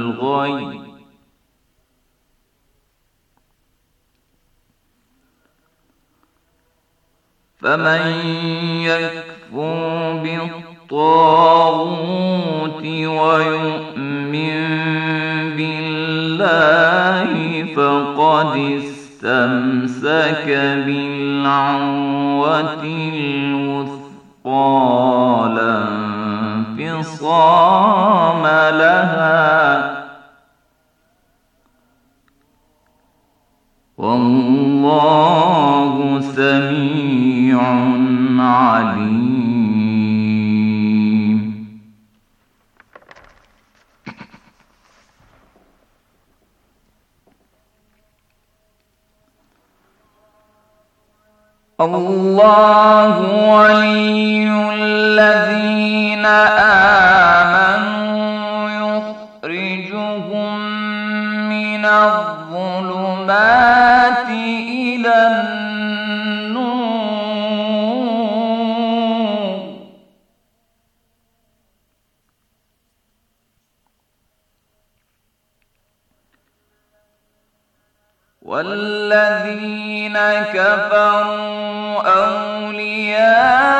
الغي فمن يكفر بالطاغوت ويؤمن بالله فقد استمسك بالعروة الوثقى فصام لها والله سميع عليم الله ولي الذين آمنوا يخرجهم من الظلمات إلى النور والذين كفروا أولياءهم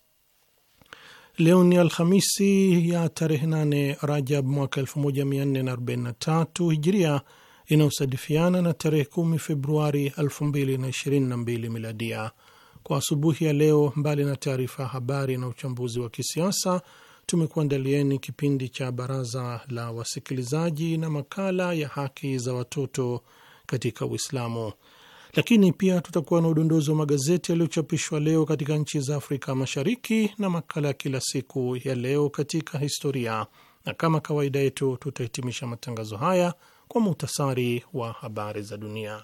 Leo ni Alhamisi ya tarehe 8 Rajab mwaka tatu Hijiria, inayosadifiana na tarehe kumi Februari mbili Miladia. Kwa asubuhi ya leo, mbali na taarifa ya habari na uchambuzi wa kisiasa, tumekuandalieni kipindi cha baraza la wasikilizaji na makala ya haki za watoto katika Uislamu lakini pia tutakuwa na udondozi wa magazeti yaliyochapishwa leo katika nchi za Afrika Mashariki na makala ya kila siku ya leo katika historia, na kama kawaida yetu tutahitimisha matangazo haya kwa muhtasari wa habari za dunia.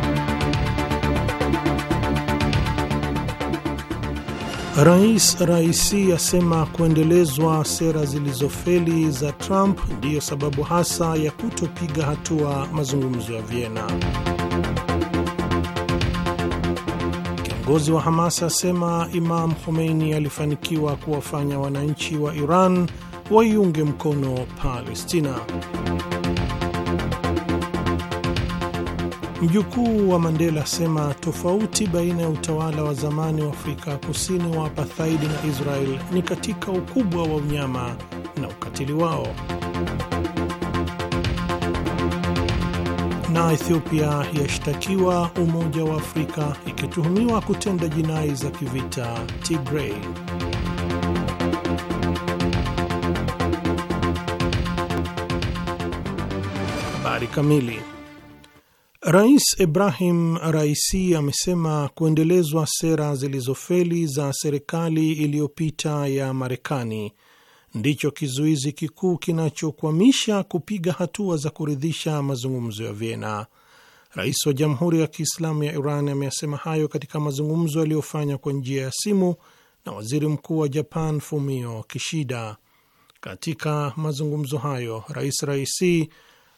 Rais Raisi asema kuendelezwa sera zilizofeli za Trump ndiyo sababu hasa ya kutopiga hatua mazungumzo ya Vienna. Kiongozi wa Hamas asema Imam Khomeini alifanikiwa kuwafanya wananchi wa Iran waiunge mkono Palestina. Mjukuu wa Mandela asema tofauti baina ya utawala wa zamani wa Afrika Kusini wa apathaidi na Israel ni katika ukubwa wa unyama na ukatili wao. Na Ethiopia yashtakiwa Umoja wa Afrika ikituhumiwa kutenda jinai za kivita Tigray. Habari kamili Rais Ibrahim Raisi amesema kuendelezwa sera zilizofeli za serikali iliyopita ya Marekani ndicho kizuizi kikuu kinachokwamisha kupiga hatua za kuridhisha mazungumzo ya Vienna. Rais wa Jamhuri ya Kiislamu ya Iran ameyasema hayo katika mazungumzo yaliyofanywa kwa njia ya simu na waziri mkuu wa Japan Fumio Kishida. Katika mazungumzo hayo, Rais Raisi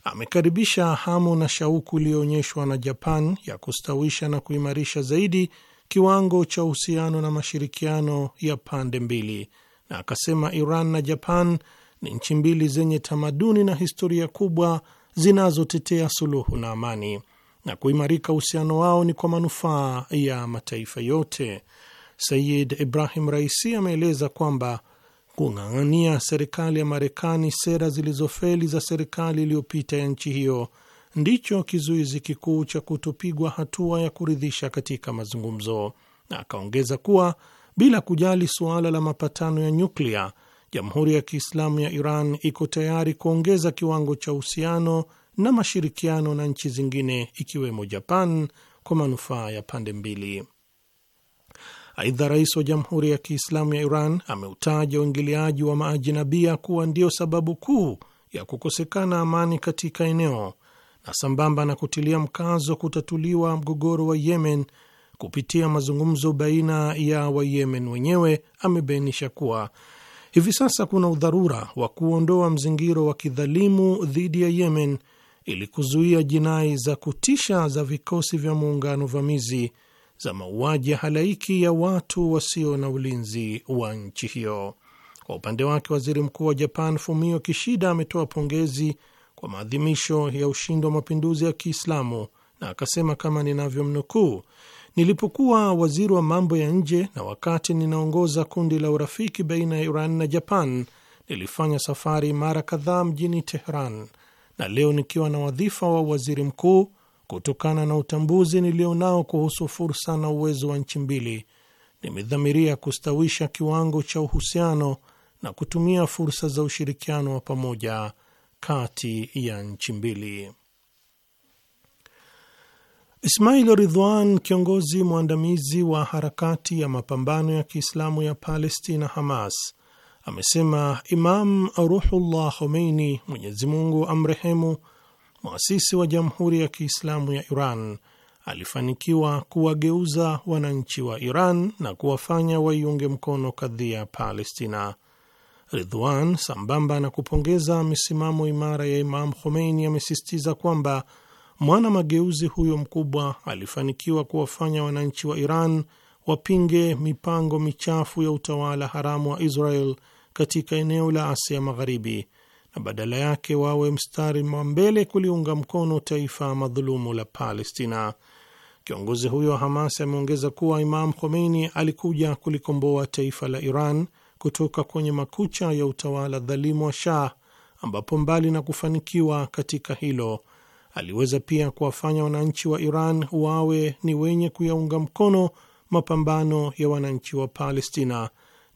amekaribisha hamu na shauku iliyoonyeshwa na Japan ya kustawisha na kuimarisha zaidi kiwango cha uhusiano na mashirikiano ya pande mbili, na akasema Iran na Japan ni nchi mbili zenye tamaduni na historia kubwa zinazotetea suluhu na amani, na kuimarika uhusiano wao ni kwa manufaa ya mataifa yote. Sayid Ibrahim Raisi ameeleza kwamba kung'ang'ania serikali ya Marekani sera zilizofeli za serikali iliyopita ya nchi hiyo ndicho kizuizi kikuu cha kutopigwa hatua ya kuridhisha katika mazungumzo, na akaongeza kuwa bila kujali suala la mapatano ya nyuklia, Jamhuri ya Kiislamu ya Iran iko tayari kuongeza kiwango cha uhusiano na mashirikiano na nchi zingine ikiwemo Japan kwa manufaa ya pande mbili. Aidha, rais wa Jamhuri ya Kiislamu ya Iran ameutaja uingiliaji wa maajinabia kuwa ndio sababu kuu ya kukosekana amani katika eneo na sambamba na kutilia mkazo kutatuliwa mgogoro wa Yemen kupitia mazungumzo baina ya Wayemen wenyewe, amebainisha kuwa hivi sasa kuna udharura wa kuondoa mzingiro wa kidhalimu dhidi ya Yemen ili kuzuia jinai za kutisha za vikosi vya muungano vamizi za mauaji ya halaiki ya watu wasio na ulinzi wa nchi hiyo. Kwa upande wake, waziri mkuu wa Japan Fumio Kishida ametoa pongezi kwa maadhimisho ya ushindi wa mapinduzi ya Kiislamu na akasema kama ninavyomnukuu, nilipokuwa waziri wa mambo ya nje na wakati ninaongoza kundi la urafiki baina ya Iran na Japan, nilifanya safari mara kadhaa mjini teheran na leo nikiwa na wadhifa wa waziri mkuu kutokana na utambuzi nilionao kuhusu fursa na uwezo wa nchi mbili, nimedhamiria kustawisha kiwango cha uhusiano na kutumia fursa za ushirikiano wa pamoja kati ya nchi mbili. Ismail Ridwan, kiongozi mwandamizi wa harakati ya mapambano ya Kiislamu ya Palestina, Hamas, amesema Imam Ruhullah Khomeini, Mwenyezi Mungu amrehemu, mwasisi wa Jamhuri ya Kiislamu ya Iran alifanikiwa kuwageuza wananchi wa Iran na kuwafanya waiunge mkono kadhia Palestina. Ridhwan, sambamba na kupongeza misimamo imara ya Imam Khomeini, amesisitiza kwamba mwana mageuzi huyo mkubwa alifanikiwa kuwafanya wananchi wa Iran wapinge mipango michafu ya utawala haramu wa Israel katika eneo la Asia Magharibi na badala yake wawe mstari wa mbele kuliunga mkono taifa madhulumu la Palestina. Kiongozi huyo wa Hamas ameongeza kuwa Imam Khomeini alikuja kulikomboa taifa la Iran kutoka kwenye makucha ya utawala dhalimu wa Shah, ambapo mbali na kufanikiwa katika hilo aliweza pia kuwafanya wananchi wa Iran wawe ni wenye kuyaunga mkono mapambano ya wananchi wa Palestina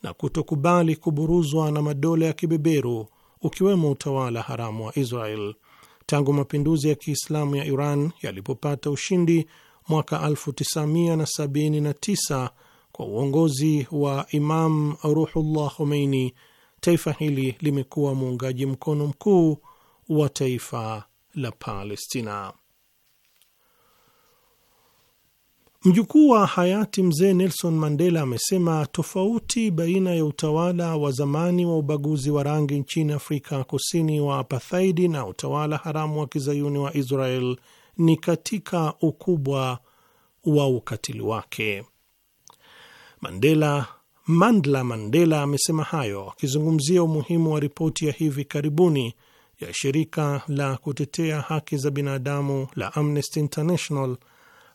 na kutokubali kuburuzwa na madola ya kibeberu ukiwemo utawala haramu wa Israel. Tangu mapinduzi ya Kiislamu ya Iran yalipopata ushindi mwaka 1979 kwa uongozi wa Imam Ruhullah Khomeini, taifa hili limekuwa muungaji mkono mkuu wa taifa la Palestina. Mjukuu wa hayati mzee Nelson Mandela amesema tofauti baina ya utawala wa zamani wa ubaguzi wa rangi nchini Afrika Kusini wa apathaidi na utawala haramu wa kizayuni wa Israel ni katika ukubwa wa ukatili wake. Mandela Mandla Mandela amesema hayo akizungumzia umuhimu wa ripoti ya hivi karibuni ya shirika la kutetea haki za binadamu la Amnesty International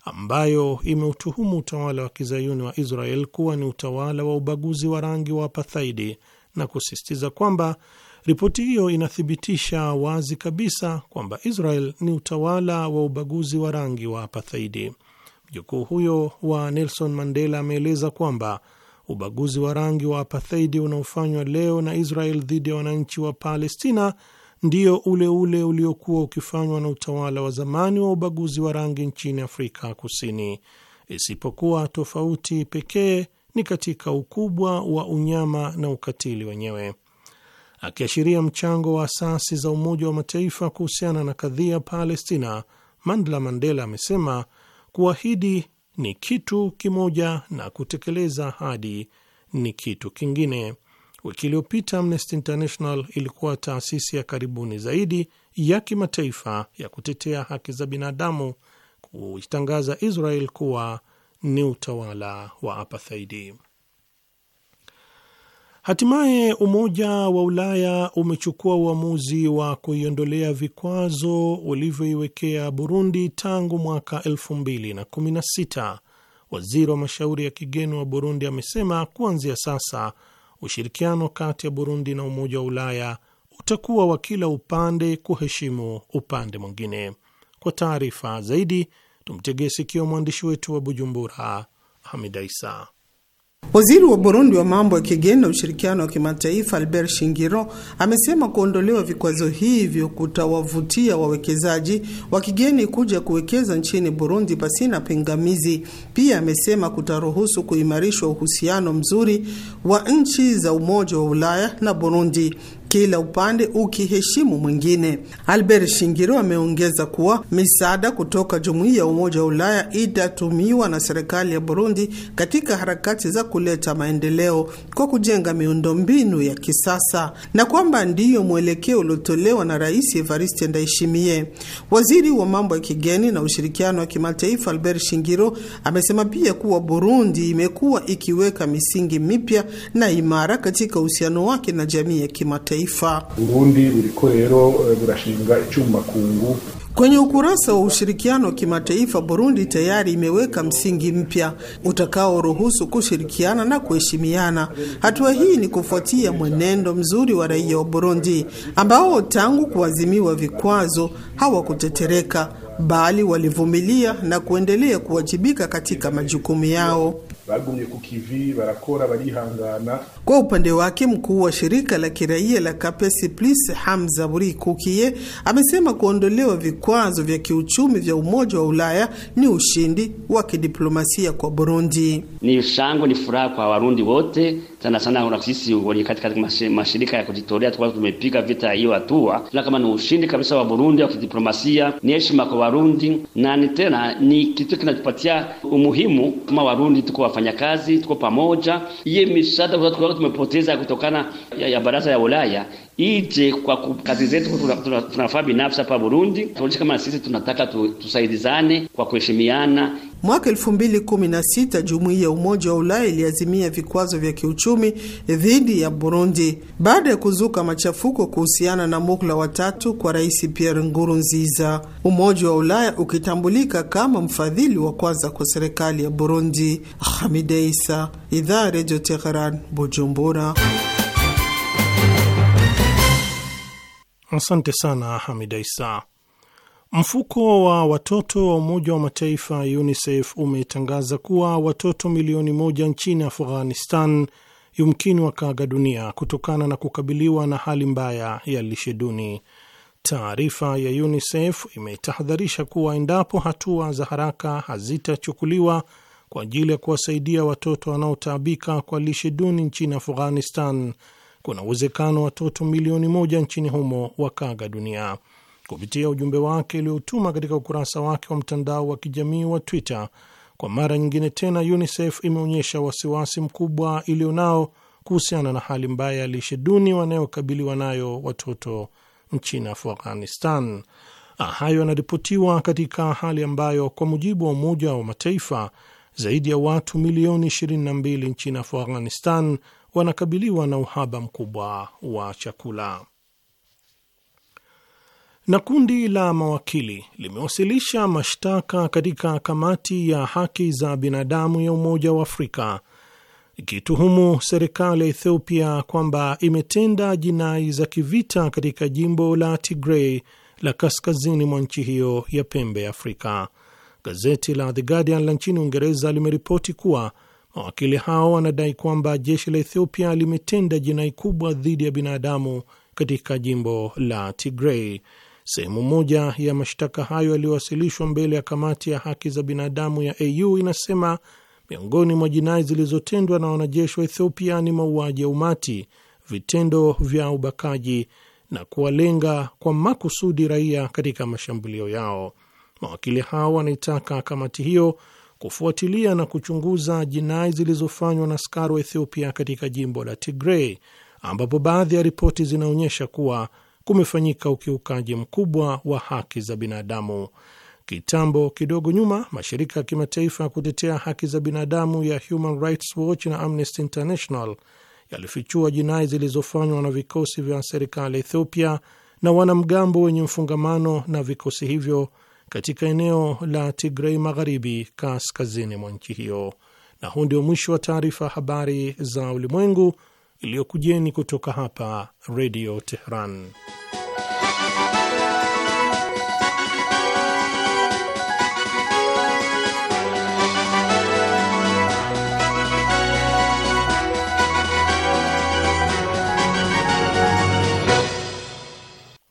ambayo imeutuhumu utawala wa kizayuni wa Israel kuwa ni utawala wa ubaguzi wa rangi wa apathaidi na kusisitiza kwamba ripoti hiyo inathibitisha wazi kabisa kwamba Israel ni utawala wa ubaguzi wa rangi wa apathaidi. Mjukuu huyo wa Nelson Mandela ameeleza kwamba ubaguzi wa rangi wa apathaidi unaofanywa leo na Israel dhidi ya wananchi wa Palestina ndio ule ule uliokuwa ukifanywa na utawala wa zamani wa ubaguzi wa rangi nchini Afrika Kusini, isipokuwa tofauti pekee ni katika ukubwa wa unyama na ukatili wenyewe. Akiashiria mchango wa asasi za Umoja wa Mataifa kuhusiana na kadhia Palestina, Mandla Mandela amesema kuahidi ni kitu kimoja na kutekeleza ahadi ni kitu kingine. Wiki iliyopita Amnesty International ilikuwa taasisi ya karibuni zaidi ya kimataifa ya kutetea haki za binadamu kuitangaza Israel kuwa ni utawala wa apathaidi. Hatimaye Umoja wa Ulaya umechukua uamuzi wa kuiondolea vikwazo ulivyoiwekea Burundi tangu mwaka 2016. Waziri wa mashauri ya kigeni wa Burundi amesema kuanzia sasa ushirikiano kati ya Burundi na Umoja wa Ulaya utakuwa wa kila upande kuheshimu upande mwingine. Kwa taarifa zaidi, tumtegee sikio mwandishi wetu wa Bujumbura, Hamida Isa. Waziri wa Burundi wa mambo ya kigeni na ushirikiano wa kimataifa Albert Shingiro amesema kuondolewa vikwazo hivyo kutawavutia wawekezaji wa kigeni kuja kuwekeza nchini Burundi pasina pingamizi. Pia amesema kutaruhusu kuimarishwa uhusiano mzuri wa nchi za Umoja wa Ulaya na Burundi kila upande ukiheshimu mwingine. Albert Shingiro ameongeza kuwa misaada kutoka jumuiya ya Umoja wa Ulaya itatumiwa na serikali ya Burundi katika harakati za kuleta maendeleo kwa kujenga miundombinu ya kisasa na kwamba ndiyo mwelekeo uliotolewa na Rais Evariste Ndayishimiye. Waziri wa mambo ya kigeni na ushirikiano wa kimataifa Albert Shingiro amesema pia kuwa Burundi imekuwa ikiweka misingi mipya na imara katika uhusiano wake na jamii ya kimataifa kimataifa. Burundi uliko rero eh, burashinga icyuma kungu Kwenye ukurasa wa ushirikiano wa kimataifa, Burundi tayari imeweka msingi mpya utakaoruhusu kushirikiana na kuheshimiana. Hatua hii ni kufuatia mwenendo mzuri wa raia wa Burundi ambao tangu kuazimiwa vikwazo hawakutetereka bali walivumilia na kuendelea kuwajibika katika majukumu yao bagumye ku kivi barakora barihangana. Kwa upande wake mkuu wa shirika la kiraia la Kapesi Plus Hamza Burikukiye amesema kuondolewa vikwazo vya kiuchumi vya Umoja wa Ulaya ni ushindi wa kidiplomasia kwa Burundi. Ni shangwe, ni furaha kwa Warundi wote sana sana. Kuna sisi katika mashirika ya kujitolea tulikuwa tumepiga vita hiyo hatua, na kama ni ushindi kabisa wa Burundi wa kidiplomasia, ni heshima kwa Warundi na ni tena ni kitu kinatupatia umuhimu kama Warundi, tuko wafanyakazi, tuko pamoja. Iye misada tumepoteza kutokana ya, ya baraza ya Ulaya ije kwa kazi zetu tunafaa binafsi hapa Burundi, tuonyeshe kama sisi tunataka tu, tusaidizane kwa kuheshimiana. Mwaka 2016 jumuiya ya Umoja wa Ulaya iliazimia vikwazo vya kiuchumi dhidi ya Burundi baada ya kuzuka machafuko kuhusiana na muhula watatu kwa Rais Pierre Nkurunziza, Umoja wa Ulaya ukitambulika kama mfadhili wa kwanza kwa serikali ya Burundi. Hamida Isa, idhaa ya Bujumbura. Asante sana Hamida Isa. Mfuko wa watoto wa Umoja wa Mataifa UNICEF umetangaza kuwa watoto milioni moja nchini Afghanistan yumkini wakaaga dunia kutokana na kukabiliwa na hali mbaya ya lishe duni. Taarifa ya UNICEF imetahadharisha kuwa endapo hatua za haraka hazitachukuliwa kwa ajili ya kuwasaidia watoto wanaotaabika kwa lishe duni nchini Afghanistan, kuna uwezekano watoto milioni moja nchini humo wakaga dunia. Kupitia ujumbe wake uliotuma katika ukurasa wake wa mtandao wa kijamii wa Twitter, kwa mara nyingine tena UNICEF imeonyesha wasiwasi mkubwa iliyonao kuhusiana na hali mbaya ya lishe duni wanayokabiliwa nayo watoto nchini Afghanistan. Ah, hayo yanaripotiwa katika hali ambayo kwa mujibu wa Umoja wa Mataifa zaidi ya watu milioni 22 nchini Afghanistan wanakabiliwa na uhaba mkubwa wa chakula. Na kundi la mawakili limewasilisha mashtaka katika kamati ya haki za binadamu ya Umoja wa Afrika ikituhumu serikali ya Ethiopia kwamba imetenda jinai za kivita katika jimbo la Tigray la kaskazini mwa nchi hiyo ya pembe ya Afrika. Gazeti la The Guardian la nchini Uingereza limeripoti kuwa Mawakili hao wanadai kwamba jeshi la Ethiopia limetenda jinai kubwa dhidi ya binadamu katika jimbo la tigrei Sehemu moja ya mashtaka hayo yaliyowasilishwa mbele ya kamati ya haki za binadamu ya AU inasema miongoni mwa jinai zilizotendwa na wanajeshi wa Ethiopia ni mauaji ya umati, vitendo vya ubakaji na kuwalenga kwa makusudi raia katika mashambulio yao. Mawakili hao wanaitaka kamati hiyo kufuatilia na kuchunguza jinai zilizofanywa na askari wa Ethiopia katika jimbo la Tigray, ambapo baadhi ya ripoti zinaonyesha kuwa kumefanyika ukiukaji mkubwa wa haki za binadamu. Kitambo kidogo nyuma, mashirika ya kimataifa ya kutetea haki za binadamu ya Human Rights Watch na Amnesty International yalifichua jinai zilizofanywa na vikosi vya serikali Ethiopia na wanamgambo wenye mfungamano na vikosi hivyo katika eneo la Tigrei Magharibi, kaskazini mwa nchi hiyo. Na huu ndio mwisho wa taarifa ya habari za ulimwengu iliyokujeni kutoka hapa Redio Teheran.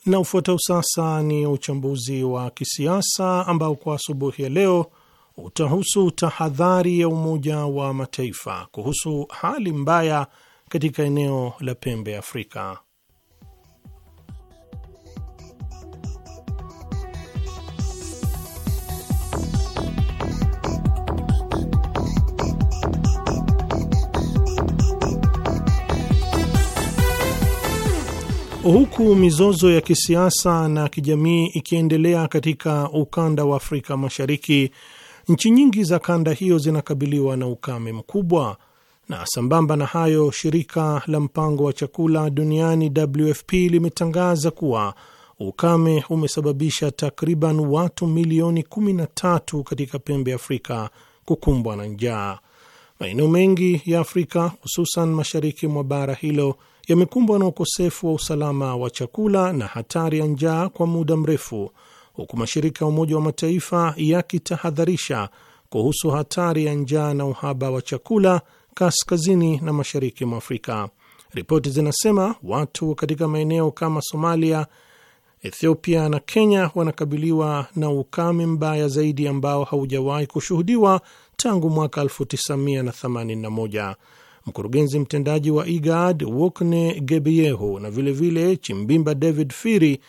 Na ufuatao sasa ni uchambuzi wa kisiasa ambao kwa asubuhi ya leo utahusu tahadhari ya Umoja wa Mataifa kuhusu hali mbaya katika eneo la pembe Afrika. Huku mizozo ya kisiasa na kijamii ikiendelea katika ukanda wa Afrika Mashariki, nchi nyingi za kanda hiyo zinakabiliwa na ukame mkubwa, na sambamba na hayo, shirika la mpango wa chakula duniani WFP limetangaza kuwa ukame umesababisha takriban watu milioni 13 katika pembe Afrika kukumbwa na njaa. Maeneo mengi ya Afrika hususan mashariki mwa bara hilo yamekumbwa na ukosefu wa usalama wa chakula na hatari ya njaa kwa muda mrefu, huku mashirika ya Umoja wa Mataifa yakitahadharisha kuhusu hatari ya njaa na uhaba wa chakula kaskazini na mashariki mwa Afrika. Ripoti zinasema watu katika maeneo kama Somalia, Ethiopia na Kenya wanakabiliwa na ukame mbaya zaidi ambao haujawahi kushuhudiwa tangu mwaka 1981. Mkurugenzi mtendaji wa IGAD Wokne Gebieho na vilevile vile Chimbimba David Firi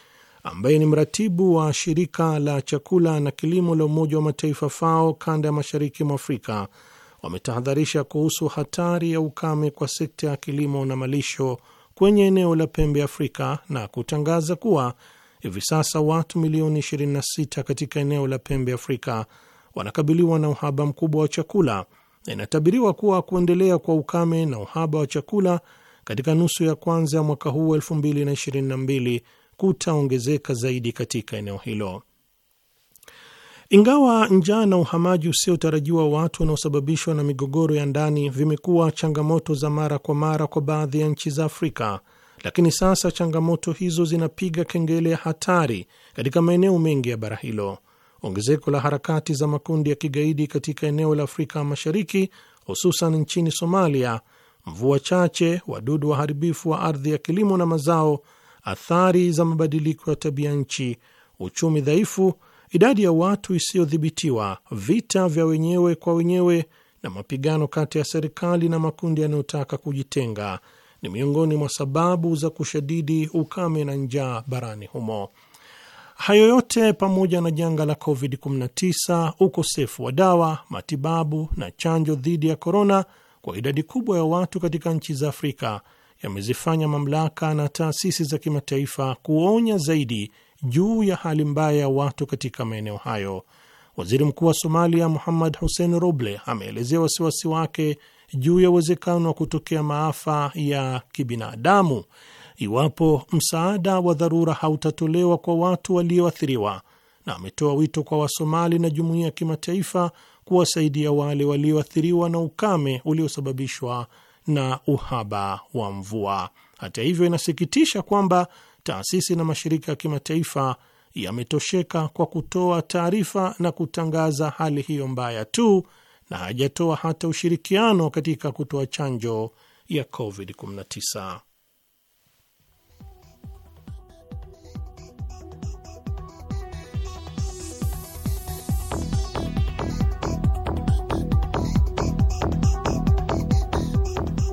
ambaye ni mratibu wa shirika la chakula na kilimo la Umoja wa Mataifa FAO kanda ya mashariki mwa Afrika wametahadharisha kuhusu hatari ya ukame kwa sekta ya kilimo na malisho kwenye eneo la pembe Afrika na kutangaza kuwa hivi sasa watu milioni 26 katika eneo la pembe Afrika wanakabiliwa na uhaba mkubwa wa chakula na inatabiriwa kuwa kuendelea kwa ukame na uhaba wa chakula katika nusu ya kwanza ya mwaka huu 2022 kutaongezeka zaidi katika eneo hilo. Ingawa njaa na uhamaji usiotarajiwa watu unaosababishwa na migogoro ya ndani vimekuwa changamoto za mara kwa mara kwa baadhi ya nchi za Afrika, lakini sasa changamoto hizo zinapiga kengele ya hatari katika maeneo mengi ya bara hilo ongezeko la harakati za makundi ya kigaidi katika eneo la Afrika Mashariki, hususan nchini Somalia, mvua chache, wadudu waharibifu wa ardhi ya kilimo na mazao, athari za mabadiliko ya tabia nchi, uchumi dhaifu, idadi ya watu isiyodhibitiwa, vita vya wenyewe kwa wenyewe na mapigano kati ya serikali na makundi yanayotaka kujitenga ni miongoni mwa sababu za kushadidi ukame na njaa barani humo. Hayo yote pamoja na janga la COVID-19, ukosefu wa dawa, matibabu na chanjo dhidi ya korona kwa idadi kubwa ya watu katika nchi za Afrika yamezifanya mamlaka na taasisi za kimataifa kuonya zaidi juu ya hali mbaya ya watu katika maeneo hayo. Waziri Mkuu wa Somalia Muhammad Hussein Roble ameelezea wasiwasi wake juu ya uwezekano wa kutokea maafa ya kibinadamu iwapo msaada wa dharura hautatolewa kwa watu walioathiriwa, na ametoa wito kwa Wasomali na jumuiya ya kimataifa kuwasaidia wale walioathiriwa na ukame uliosababishwa na uhaba wa mvua. Hata hivyo, inasikitisha kwamba taasisi na mashirika ya kimataifa yametosheka kwa kutoa taarifa na kutangaza hali hiyo mbaya tu na hajatoa hata ushirikiano katika kutoa chanjo ya COVID-19.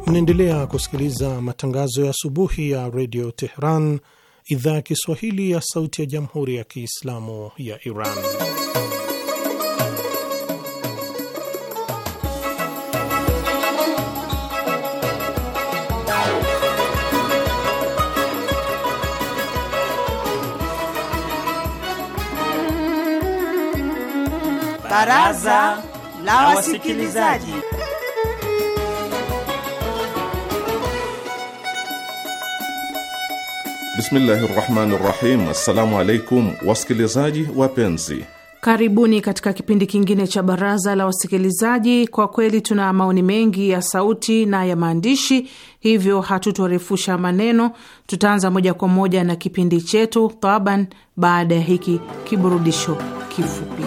Mnaendelea kusikiliza matangazo ya asubuhi ya redio Tehran, idhaa ya Kiswahili ya sauti ya jamhuri ya Kiislamu ya Iran. Baraza la Wasikilizaji. Bismillahi rahmani rahim. Assalamu alaikum wasikilizaji wapenzi, karibuni katika kipindi kingine cha baraza la wasikilizaji. Kwa kweli tuna maoni mengi ya sauti na ya maandishi, hivyo hatutorefusha maneno. Tutaanza moja kwa moja na kipindi chetu taban, baada ya hiki kiburudisho kifupi.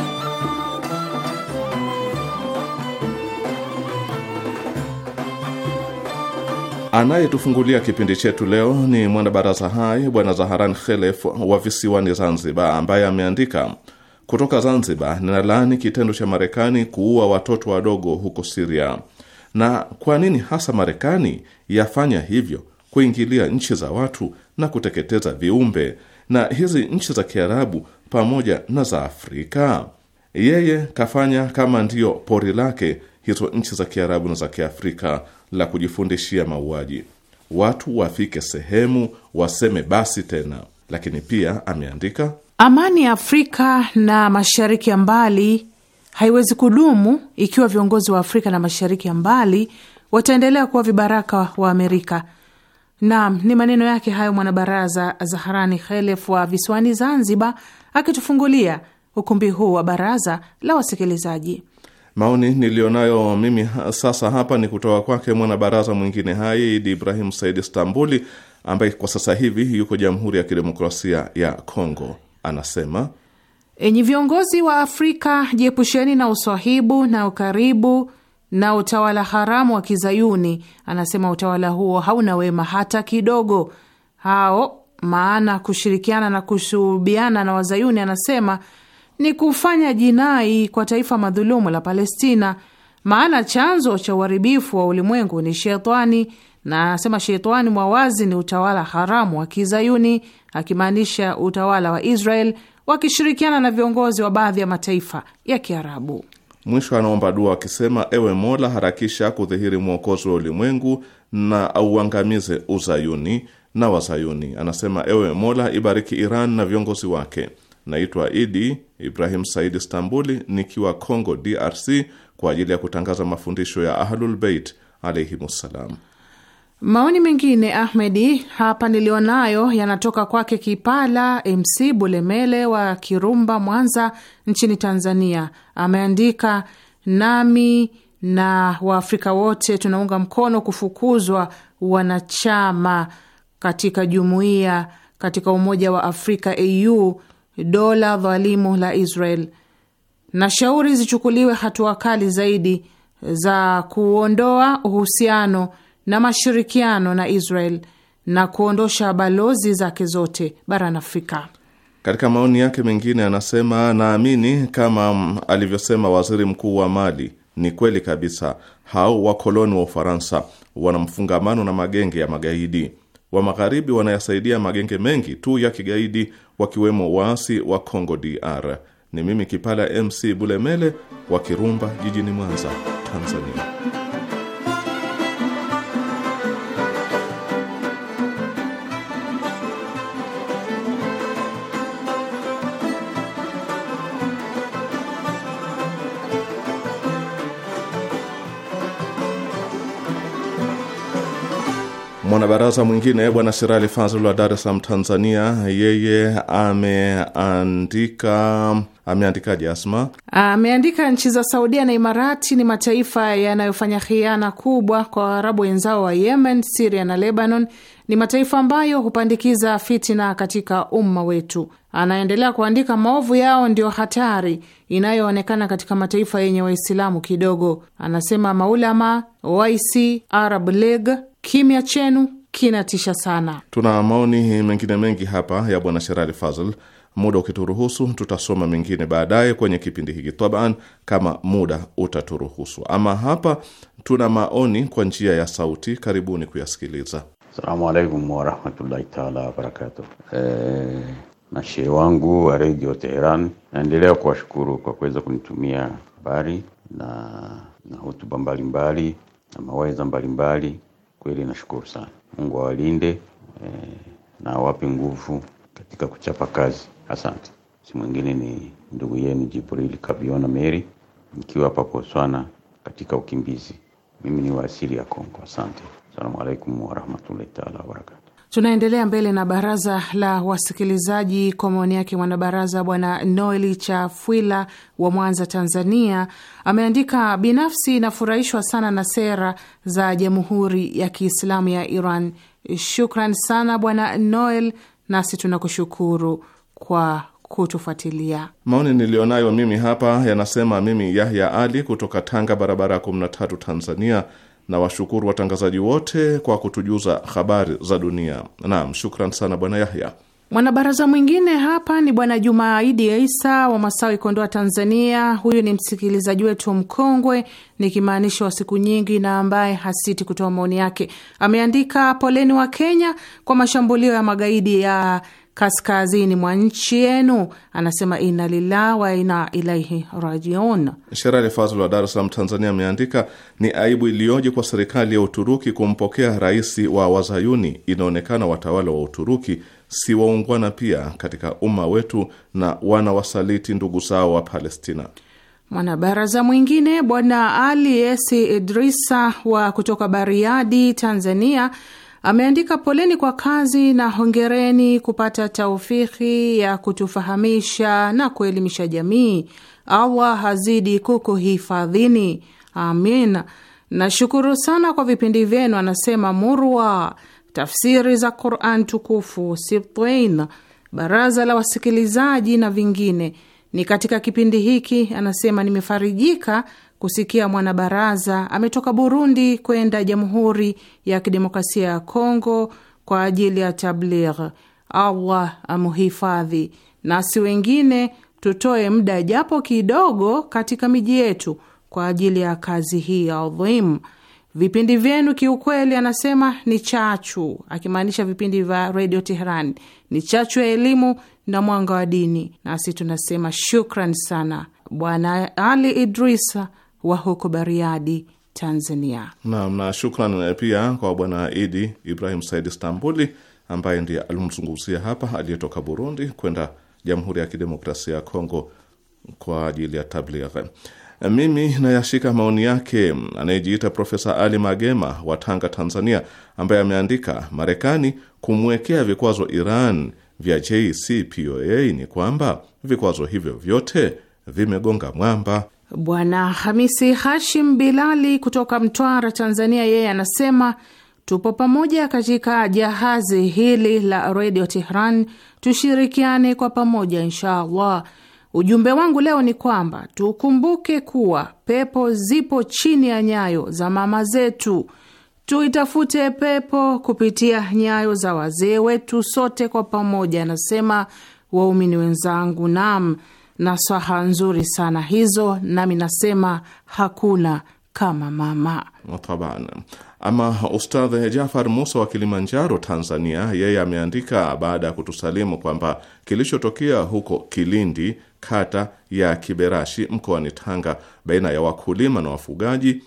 Anayetufungulia kipindi chetu leo ni mwanabaraza hai Bwana Zaharan Khelef wa visiwani Zanzibar, ambaye ameandika kutoka Zanzibar: ninalaani kitendo cha Marekani kuua watoto wadogo huko Siria. Na kwa nini hasa Marekani yafanya hivyo, kuingilia nchi za watu na kuteketeza viumbe, na hizi nchi za Kiarabu pamoja na za Afrika? Yeye kafanya kama ndiyo pori lake hizo nchi za Kiarabu na za Kiafrika la kujifundishia mauaji. Watu wafike sehemu waseme basi tena. Lakini pia ameandika, amani ya Afrika na Mashariki ya Mbali haiwezi kudumu ikiwa viongozi wa Afrika na Mashariki ya Mbali wataendelea kuwa vibaraka wa Amerika. Naam, ni maneno yake hayo mwanabaraza Zaharani Khelef wa visiwani Zanzibar, akitufungulia ukumbi huu wa baraza la wasikilizaji. Maoni niliyonayo mimi sasa hapa ni kutoka kwake mwanabaraza mwingine hai Idi Ibrahim Said Stambuli, ambaye kwa sasa hivi yuko Jamhuri ya Kidemokrasia ya Kongo. Anasema, enyi viongozi wa Afrika, jiepusheni na uswahibu na ukaribu na utawala haramu wa Kizayuni. Anasema utawala huo hauna wema hata kidogo hao, maana kushirikiana na kushuhubiana na Wazayuni, anasema ni kufanya jinai kwa taifa madhulumu la Palestina, maana chanzo cha uharibifu wa ulimwengu ni shetani, na asema shetani mwawazi ni utawala haramu wa Kizayuni, akimaanisha utawala wa Israel wakishirikiana na viongozi wa baadhi ya mataifa ya Kiarabu. Mwisho anaomba dua akisema, ewe Mola, harakisha kudhihiri mwokozi wa ulimwengu na auangamize uzayuni na wazayuni. Anasema, ewe Mola, ibariki Iran na viongozi wake Naitwa Idi Ibrahim Said Istambuli, nikiwa Congo DRC kwa ajili ya kutangaza mafundisho ya Ahlulbeit ssalam. Maoni mengine Ahmedi hapa nilionayo yanatoka kwake Kipala MC Bulemele wa Kirumba, Mwanza nchini Tanzania. Ameandika, nami na Waafrika wote tunaunga mkono kufukuzwa wanachama katika jumuiya katika Umoja wa Afrika au dola dhalimu la Israel na shauri zichukuliwe hatua kali zaidi za kuondoa uhusiano na mashirikiano na Israel na kuondosha balozi zake zote barani Afrika. Katika maoni yake mengine anasema, naamini kama mm, alivyosema waziri mkuu wa Mali ni kweli kabisa, hao wakoloni wa Ufaransa wana mfungamano na magenge ya magaidi wa Magharibi wanayasaidia magenge mengi tu ya kigaidi wakiwemo waasi wa congo DR. Ni mimi Kipala MC Bulemele wa Kirumba jijini Mwanza, Tanzania. Mwanabaraza mwingine bwana Sirali Fazl wa Dar es Salaam, Tanzania, yeye ameandika ameandikaje Asma? Ameandika nchi za Saudia na Imarati ni mataifa yanayofanya khiana kubwa kwa Waarabu wenzao wa Yemen, Siria na Lebanon. Ni mataifa ambayo hupandikiza fitina katika umma wetu. Anaendelea kuandika, maovu yao ndio hatari inayoonekana katika mataifa yenye Waislamu kidogo. Anasema maulama, YC, Arab League Kimya chenu kinatisha sana. Tuna maoni mengine mengi hapa ya bwana Sherali Fazl. Muda ukituruhusu, tutasoma mengine baadaye kwenye kipindi hiki taban, kama muda utaturuhusu. Ama hapa tuna maoni kwa njia ya sauti, karibuni kuyasikiliza. Asalamu alaikum warahmatullahi taala wabarakatu. E, eh, nashiri wangu wa redio Teheran, naendelea kuwashukuru kwa kuweza kunitumia habari na na hutuba mbalimbali na mawaidha mbalimbali Kweli nashukuru sana. Mungu awalinde e, na awape nguvu katika kuchapa kazi. Asante. Si mwingine ni ndugu yenu Jibril Kabiona Mary, nikiwa hapa Botswana katika ukimbizi. Mimi ni wa asili ya Kongo. Asante. Asalamu alaykum wa rahmatullahi taala wa barakatuh. Tunaendelea mbele na baraza la wasikilizaji. Kwa maoni yake mwanabaraza Bwana Noeli Chafwila wa Mwanza, Tanzania, ameandika binafsi, inafurahishwa sana na sera za Jamhuri ya Kiislamu ya Iran. Shukran sana Bwana Noel, nasi tunakushukuru kwa kutufuatilia. Maoni niliyonayo mimi hapa yanasema, mimi Yahya Ali kutoka Tanga, barabara ya 13 Tanzania na washukuru watangazaji wote kwa kutujuza habari za dunia. Naam, shukran sana bwana Yahya. Mwanabaraza mwingine hapa ni bwana Jumaidi Isa wa Masawi, Kondoa, Tanzania. Huyu ni msikilizaji wetu mkongwe, ni kimaanisho wa siku nyingi, na ambaye hasiti kutoa maoni yake. Ameandika, poleni wa Kenya kwa mashambulio ya magaidi ya kaskazini mwa nchi yenu. Anasema inna lillahi wa inna ilaihi rajiun. Sherali Fazl wa Dar es Salaam, Tanzania ameandika ni aibu iliyoje kwa serikali ya Uturuki kumpokea rais wa Wazayuni. Inaonekana watawala wa Uturuki si waungwana pia katika umma wetu na wanawasaliti ndugu zao wa Palestina. Mwanabaraza mwingine Bwana Ali Esi Idrisa wa kutoka Bariadi, Tanzania Ameandika poleni kwa kazi na hongereni kupata taufiki ya kutufahamisha na kuelimisha jamii. Allah hazidi kukuhifadhini, amin. Nashukuru sana kwa vipindi vyenu, anasema Murwa, tafsiri za Quran Tukufu, Sibtain, baraza la wasikilizaji na vingine. Ni katika kipindi hiki anasema nimefarijika kusikia mwanabaraza ametoka Burundi kwenda Jamhuri ya Kidemokrasia ya Kongo kwa ajili ya tabligh. Allah amuhifadhi. Nasi wengine tutoe muda japo kidogo katika miji yetu kwa ajili ya kazi hii adhimu. Vipindi vyenu kiukweli, anasema ni chachu, akimaanisha vipindi vya redio Teheran ni chachu ya elimu na mwanga wa dini, nasi tunasema shukran sana. Bwana Ali Idrisa wa huko Bariadi, Tanzania. Naam, na shukran pia kwa Bwana Idi Ibrahim Said Stambuli ambaye ndiye alimzungumzia hapa, aliyetoka Burundi kwenda Jamhuri ya Kidemokrasia ya Kongo kwa ajili ya tablighi. Mimi nayashika maoni yake anayejiita Profesa Ali Magema wa Tanga, Tanzania, ambaye ameandika, Marekani kumwekea vikwazo Iran vya JCPOA ni kwamba vikwazo hivyo vyote vimegonga mwamba Bwana Hamisi Hashim Bilali kutoka Mtwara, Tanzania, yeye anasema tupo pamoja katika jahazi hili la redio Tehran, tushirikiane kwa pamoja insha allah. Ujumbe wangu leo ni kwamba tukumbuke kuwa pepo zipo chini ya nyayo za mama zetu, tuitafute pepo kupitia nyayo za wazee wetu sote kwa pamoja, anasema waumini wenzangu. Naam nasaha nzuri sana hizo, nami nasema hakuna kama mama Ama Ustadh Jafar Musa wa Kilimanjaro, Tanzania, yeye ameandika baada ya kutusalimu kwamba kilichotokea huko Kilindi, kata ya Kiberashi, mkoani Tanga, baina ya wakulima na wafugaji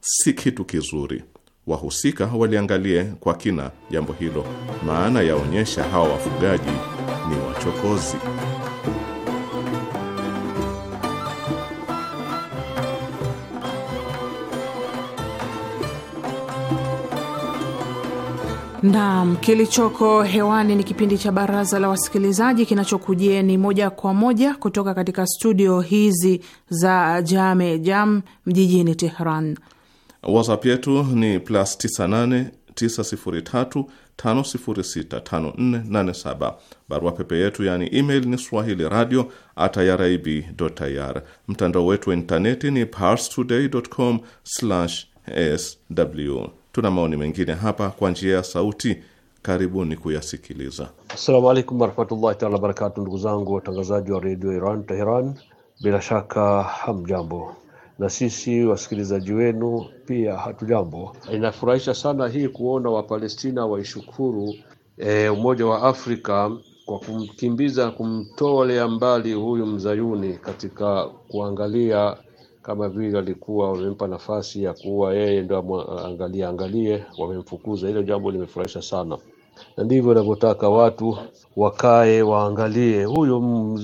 si kitu kizuri. Wahusika waliangalie kwa kina jambo hilo, maana yaonyesha hawa wafugaji ni wachokozi. Naam, kilichoko hewani ni kipindi cha Baraza la Wasikilizaji kinachokujieni moja kwa moja kutoka katika studio hizi za Jame Jam mjijini Tehran. WhatsApp yetu ni plus 98 Barua pepe yetu yaani email ni swahili radio at irib ir. Mtandao wetu wa intaneti ni parstoday.com sw Tuna maoni mengine hapa kwa njia ya sauti, karibuni kuyasikiliza. Assalamu alaikum warahmatullahi taala wabarakatu, ndugu zangu watangazaji wa redio Iran Teheran, bila shaka hamjambo na sisi wasikilizaji wenu pia hatujambo. Inafurahisha sana hii kuona Wapalestina waishukuru e, Umoja wa Afrika kwa kumkimbiza kumtolea mbali huyu mzayuni katika kuangalia kama vile alikuwa wamempa nafasi ya kuwa yeye ndo angalie angalie, wamemfukuza. Hilo jambo limefurahisha sana, na ndivyo wanavyotaka watu wakae, waangalie huyu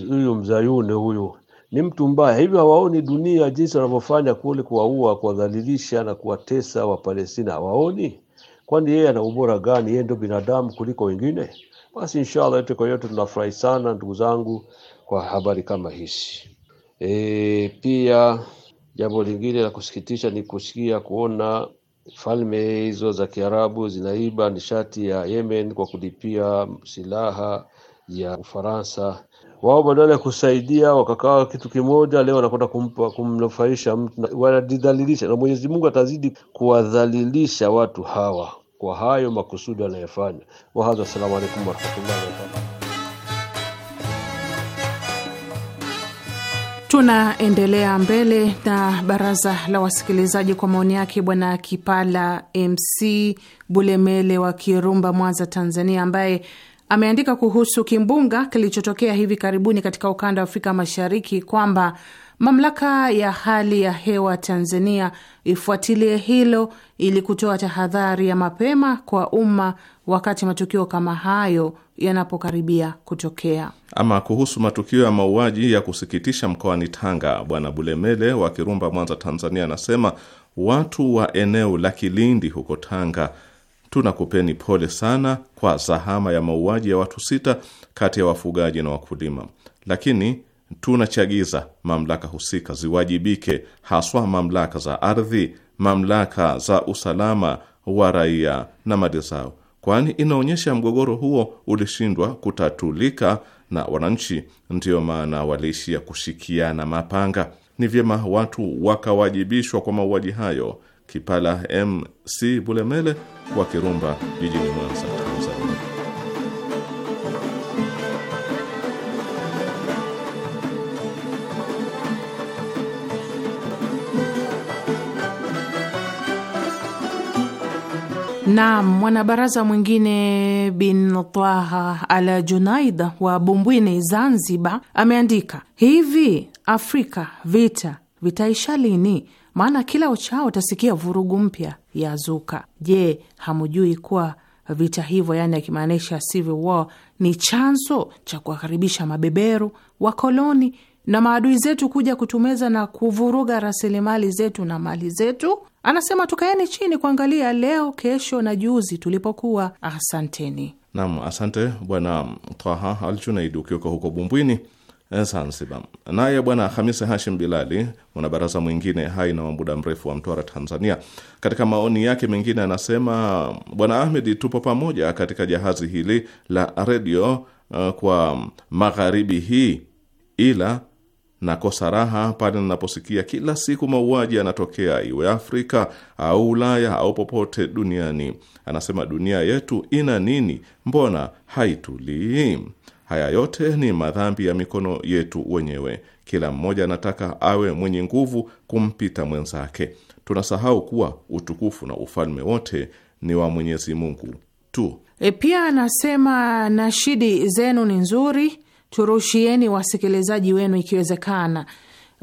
huyu mzayune huyu ni mtu mbaya hivyo, hawaoni dunia jinsi wanavyofanya kule kuwaua, kuwadhalilisha na kuwatesa Wapalestina, hawaoni? Kwani yeye ana ubora gani? Yeye ndio binadamu kuliko wengine? Basi inshallah, yote kwa yote, tunafurahi sana ndugu zangu kwa habari kama hizi e, pia Jambo lingine la kusikitisha ni kusikia kuona falme hizo za Kiarabu zinaiba nishati ya Yemen kwa kulipia silaha ya Ufaransa. Wao badala ya kusaidia wakakaa kitu kimoja, leo wanakwenda kumpa kumnufaisha mtu, wanajidhalilisha, na Mwenyezi Mungu atazidi kuwadhalilisha watu hawa kwa hayo makusudi wanayofanya. Wahadha, assalamu alaikum warahmatullahi wabarakatuh. Tunaendelea mbele na baraza la wasikilizaji kwa maoni yake bwana Kipala MC Bulemele wa Kirumba, Mwanza, Tanzania, ambaye ameandika kuhusu kimbunga kilichotokea hivi karibuni katika ukanda wa Afrika Mashariki kwamba mamlaka ya hali ya hewa Tanzania ifuatilie hilo ili kutoa tahadhari ya mapema kwa umma wakati matukio kama hayo yanapokaribia kutokea. Ama kuhusu matukio ya mauaji ya kusikitisha mkoani Tanga, Bwana Bulemele wa Kirumba, Mwanza, Tanzania, anasema watu wa eneo la Kilindi huko Tanga, tunakupeni pole sana kwa zahama ya mauaji ya watu sita kati ya wafugaji na wakulima, lakini tunachagiza mamlaka husika ziwajibike, haswa mamlaka za ardhi, mamlaka za usalama wa raia na mali zao kwani inaonyesha mgogoro huo ulishindwa kutatulika na wananchi, ndiyo maana waliishia kushikiana mapanga. Ni vyema watu wakawajibishwa kwa mauaji hayo. Kipala MC Bulemele wa Kirumba jijini Mwanza. Naam, mwanabaraza mwingine bin twaha al Junaida wa Bumbwini, Zanzibar, ameandika hivi: Afrika vita vitaisha lini? Maana kila uchao utasikia vurugu mpya ya zuka. Je, hamujui kuwa vita hivyo, yaani akimaanisha civil war, ni chanzo cha kuwakaribisha mabeberu wakoloni na maadui zetu kuja kutumeza na kuvuruga rasilimali zetu na mali zetu. Anasema tukaeni chini kuangalia leo, kesho na juzi tulipokuwa. Asanteni. Naam, asante Bwana Twaha Aljunaidi ukiweko huko Bumbwini eh, Zanzibar. Naye Bwana Hamisi Hashim Bilali, mwanabaraza mwingine hai na muda mrefu wa Mtwara, Tanzania, katika maoni yake mengine anasema, Bwana Ahmedi, tupo pamoja katika jahazi hili la redio uh, kwa magharibi hii, ila Nakosa raha pale ninaposikia kila siku mauaji yanatokea, iwe Afrika au Ulaya au popote duniani. Anasema dunia yetu ina nini? Mbona haitulii? Haya yote ni madhambi ya mikono yetu wenyewe. Kila mmoja anataka awe mwenye nguvu kumpita mwenzake. Tunasahau kuwa utukufu na ufalme wote ni wa Mwenyezi Mungu tu. E, pia anasema nashidi zenu ni nzuri turushieni wasikilizaji wenu ikiwezekana.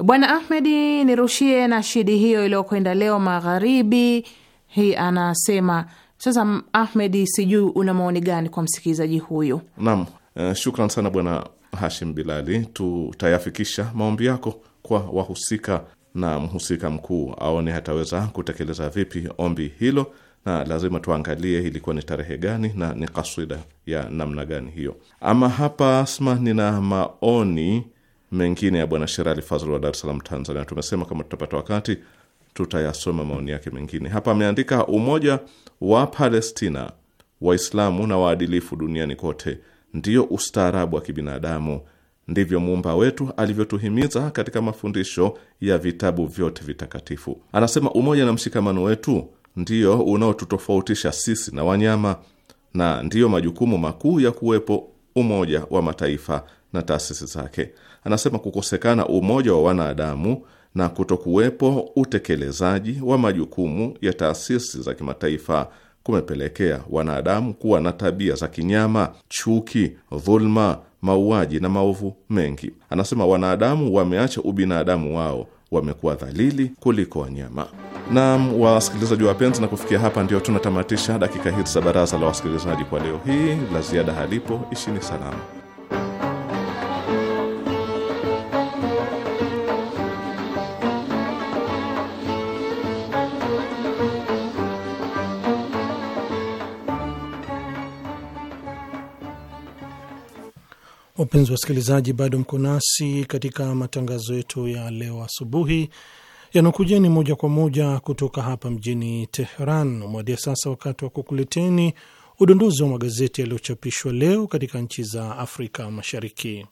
Bwana Ahmedi, nirushie nashidi hiyo iliyokwenda leo magharibi hii, anasema sasa. Ahmedi, sijui una maoni gani kwa msikilizaji huyu? Naam, uh, shukran sana bwana Hashim Bilali, tutayafikisha maombi yako kwa wahusika na mhusika mkuu aone hataweza kutekeleza vipi ombi hilo na lazima tuangalie ilikuwa ni tarehe gani na ni kaswida ya namna gani hiyo. Ama hapa Asma, nina maoni mengine ya bwana Sherali Fazl wa Dar es Salaam, Tanzania. Tumesema kama tutapata wakati tutayasoma maoni yake mengine. Hapa ameandika umoja wa Palestina, Waislamu na waadilifu duniani kote ndio ustaarabu wa kibinadamu. Ndivyo muumba wetu alivyotuhimiza katika mafundisho ya vitabu vyote vitakatifu. Anasema umoja na mshikamano wetu ndiyo unaotutofautisha sisi na wanyama na ndiyo majukumu makuu ya kuwepo Umoja wa Mataifa na taasisi zake. Anasema kukosekana umoja wa wanadamu na kutokuwepo utekelezaji wa majukumu ya taasisi za kimataifa kumepelekea wanadamu kuwa na tabia za kinyama, chuki, dhulma, mauaji na maovu mengi. Anasema wanadamu wameacha ubinadamu wao, wamekuwa dhalili kuliko wanyama nam wasikilizaji wapenzi, na kufikia hapa ndio tunatamatisha dakika hizi za baraza la wasikilizaji kwa leo hii. La ziada halipo, ishini salama. Wapenzi wasikilizaji, bado mko nasi katika matangazo yetu ya leo asubuhi yanakujeni moja kwa moja kutoka hapa mjini Teheran. Umewadia sasa wakati wa kukuleteni udondozi wa magazeti yaliyochapishwa leo katika nchi za Afrika Mashariki.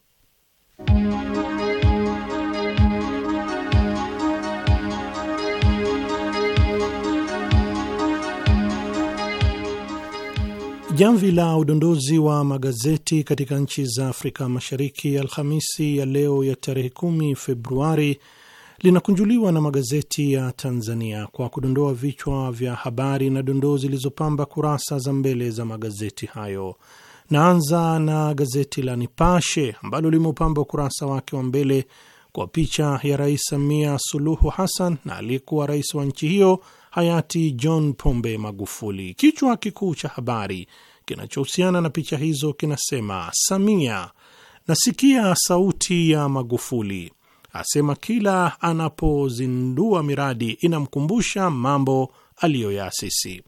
Jamvi la udondozi wa magazeti katika nchi za Afrika Mashariki, Alhamisi ya leo ya tarehe 10 Februari linakunjuliwa na magazeti ya Tanzania kwa kudondoa vichwa vya habari na dondoo zilizopamba kurasa za mbele za magazeti hayo. Naanza na gazeti la Nipashe ambalo limeupamba ukurasa wake wa mbele kwa picha ya Rais Samia Suluhu Hassan na aliyekuwa rais wa nchi hiyo hayati John Pombe Magufuli. Kichwa kikuu cha habari kinachohusiana na picha hizo kinasema: Samia, nasikia sauti ya Magufuli, asema kila anapozindua miradi inamkumbusha mambo aliyoyaasisi.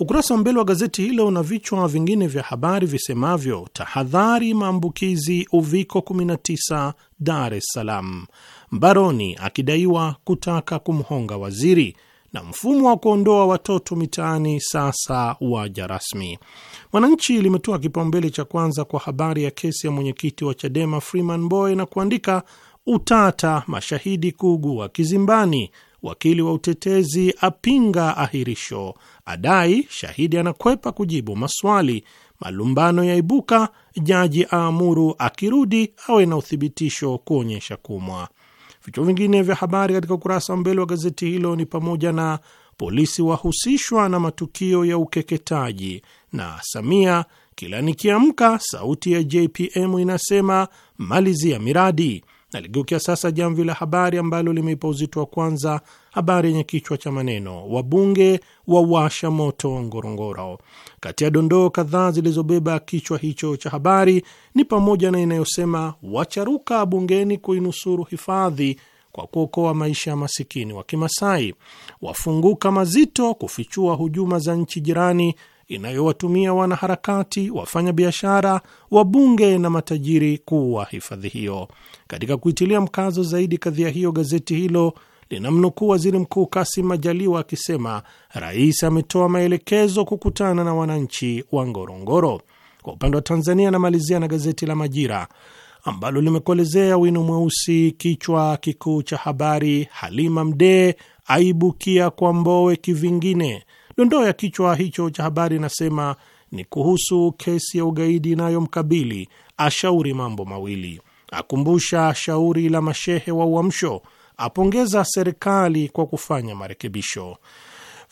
Ukurasa wa mbele wa gazeti hilo una vichwa vingine vya habari visemavyo: tahadhari maambukizi uviko 19 Dar es Salaam, mbaroni akidaiwa kutaka kumhonga waziri, na mfumo wa kuondoa watoto mitaani sasa waja rasmi. Mwananchi limetoa kipaumbele cha kwanza kwa habari ya kesi ya mwenyekiti wa Chadema Freeman Boy na kuandika utata, mashahidi kuugua kizimbani, wakili wa utetezi apinga ahirisho, adai shahidi anakwepa kujibu maswali, malumbano yaibuka, jaji aamuru akirudi awe na uthibitisho kuonyesha kumwa. Vichwa vingine vya habari katika ukurasa wa mbele wa gazeti hilo ni pamoja na polisi wahusishwa na matukio ya ukeketaji, na Samia kila nikiamka sauti ya JPM inasema malizia miradi. Naligeukia sasa jamvi la habari ambalo limeipa uzito wa kwanza habari yenye kichwa cha maneno wabunge wawasha moto Ngorongoro. Kati ya dondoo kadhaa zilizobeba kichwa hicho cha habari ni pamoja na inayosema wacharuka bungeni kuinusuru hifadhi kwa kuokoa maisha ya masikini wa Kimasai, wafunguka mazito kufichua hujuma za nchi jirani inayowatumia wanaharakati, wafanyabiashara, wabunge na matajiri kuwa hifadhi hiyo. Katika kuitilia mkazo zaidi kadhia hiyo, gazeti hilo linamnukuu waziri mkuu Kasim Majaliwa akisema rais ametoa maelekezo kukutana na wananchi wa Ngorongoro. Kwa upande wa Tanzania, anamalizia na gazeti la Majira ambalo limekuelezea wino mweusi kichwa kikuu cha habari, Halima Mdee aibukia kwa Mbowe kivingine. Dondoo ya kichwa hicho cha habari inasema ni kuhusu kesi ya ugaidi inayomkabili ashauri mambo mawili, akumbusha shauri la mashehe wa Uamsho, apongeza serikali kwa kufanya marekebisho.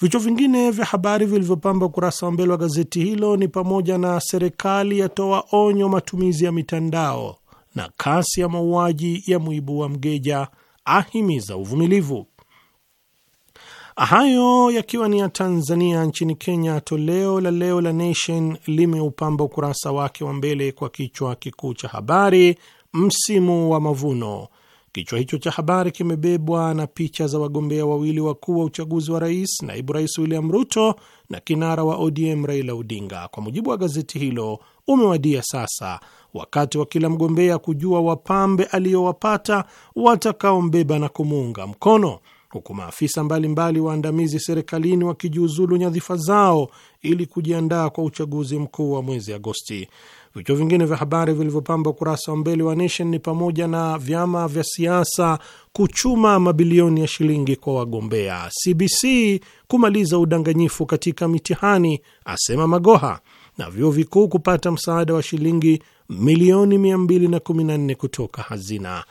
Vichwa vingine vya habari vilivyopamba ukurasa wa mbele wa gazeti hilo ni pamoja na serikali yatoa onyo matumizi ya mitandao, na kasi ya mauaji ya mwibu wa mgeja, ahimiza uvumilivu. Hayo yakiwa ni ya Tanzania. Nchini Kenya, toleo la leo la Nation limeupamba ukurasa wake wa mbele kwa kichwa kikuu cha habari, msimu wa mavuno. Kichwa hicho cha habari kimebebwa na picha za wagombea wawili wakuu wa uchaguzi wa rais, naibu rais William Ruto na kinara wa ODM Raila Odinga. Kwa mujibu wa gazeti hilo, umewadia sasa wakati wa kila mgombea kujua wapambe aliyowapata watakaombeba na kumuunga mkono, huku maafisa mbalimbali waandamizi serikalini wakijiuzulu nyadhifa zao ili kujiandaa kwa uchaguzi mkuu wa mwezi Agosti. Vichwa vingine vya habari vilivyopamba ukurasa wa mbele wa Nation ni pamoja na vyama vya siasa kuchuma mabilioni ya shilingi kwa wagombea, CBC kumaliza udanganyifu katika mitihani, asema Magoha na vyuo vikuu kupata msaada wa shilingi milioni 214 kutoka hazina.